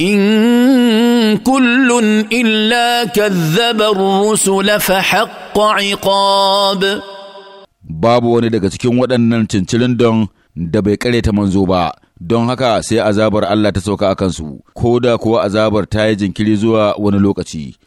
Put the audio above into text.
ان كل الا كذب الرسل فحق عقاب babu wani daga cikin waɗannan cincirin don da bai ta manzo ba don haka sai azabar Allah ta sauka a kansu ko da kuwa azabar ta yi jinkiri zuwa wani lokaci